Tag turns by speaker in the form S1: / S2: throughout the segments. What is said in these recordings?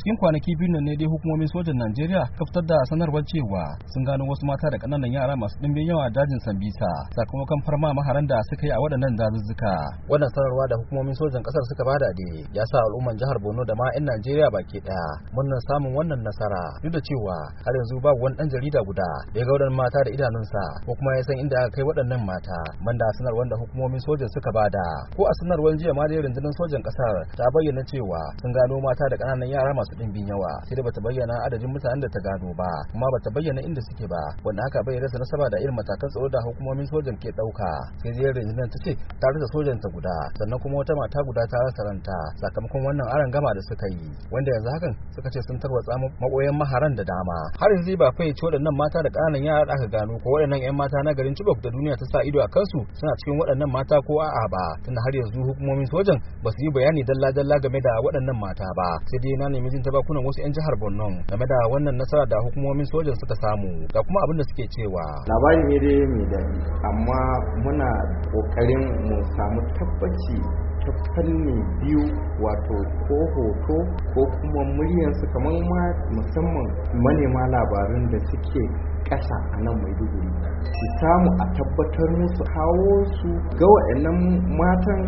S1: cikin kwanaki biyu ne dai hukumomin sojan najeriya ka fitar da sanarwar cewa sun gano wasu mata da kananan yara masu ɗimbin yawa a dajin sambisa sakamakon farma maharan da suka yi a waɗannan dazuzzuka wannan sanarwa da hukumomin sojan ƙasar suka bada da ya sa al'umman jihar borno da ma 'yan najeriya baki ɗaya murnar samun wannan nasara duk da cewa har yanzu babu wani ɗan jarida guda da ya ga waɗannan mata da idanunsa ko kuma ya san inda aka kai waɗannan mata banda sanarwar da hukumomin sojan suka bada ko a sanarwar jiya ma da rundunar sojan ƙasar ta bayyana cewa sun gano mata da ƙananan yara masu masu ɗimbin yawa sai da bata bayyana adadin mutanen da ta gano ba kuma bata bayyana inda suke ba wanda haka bai rasa nasaba da irin matakan tsaro da hukumomin sojan ke ɗauka sai dai rundunar ta ce ta rasa sojan ta guda sannan kuma wata mata guda ta rasa ranta sakamakon wannan aron gama da suka yi wanda yanzu hakan suka ce sun tarwatsa makoyan maharan da dama har yanzu ba ci waɗannan mata da ƙananan yara da aka gano ko waɗannan 'yan mata na garin Chibok da duniya ta sa ido a kansu suna cikin waɗannan mata ko a'a ba tunda har yanzu hukumomin sojan ba su yi bayani dalla-dalla game da waɗannan mata ba sai dai na nemi jin ta bakunan wasu 'yan jihar Borno game da wannan nasara da hukumomin sojan suka samu ga kuma abin da suke
S2: cewa. Labari ne dai mai daɗi amma muna ƙoƙarin mu samu tabbaci ta fanni biyu wato ko hoto ko kuma muryansu kamar ma musamman manema labarin da suke ƙasa a nan maiduguri su samu a tabbatar musu kawo su ga waɗannan matan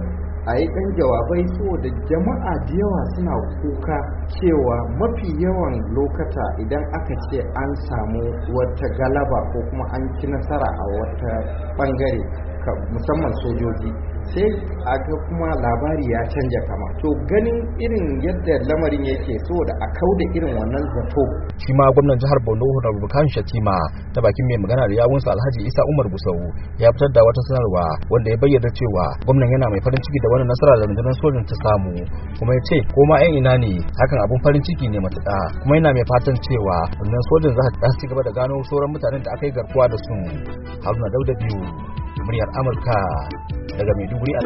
S2: a yi ɗan jawabai saboda jama'a da yawa suna kuka cewa mafi yawan lokata idan aka ce an samu wata galaba ko kuma an ci nasara a wata ɓangare musamman sojoji sai a ga kuma labari ya canja kama to ganin irin yadda lamarin yake so da a da irin wannan zato
S1: shi ma gwamnan jihar Borno Honorable Kan Shatima ta bakin mai magana da yawunsa Alhaji Isa Umar Busau, ya fitar da wata sanarwa wanda ya bayyana cewa gwamnan yana mai farin ciki da wannan nasara da rundunar sojin ta samu kuma ya ce ko ma yan ina ne hakan abun farin ciki ne matuƙa kuma yana mai fatan cewa rundunar sojin za ta ci gaba da gano sauran mutanen da aka yi
S2: garkuwa da su Haruna Dauda biyu muryar Amurka daga Maiduguri a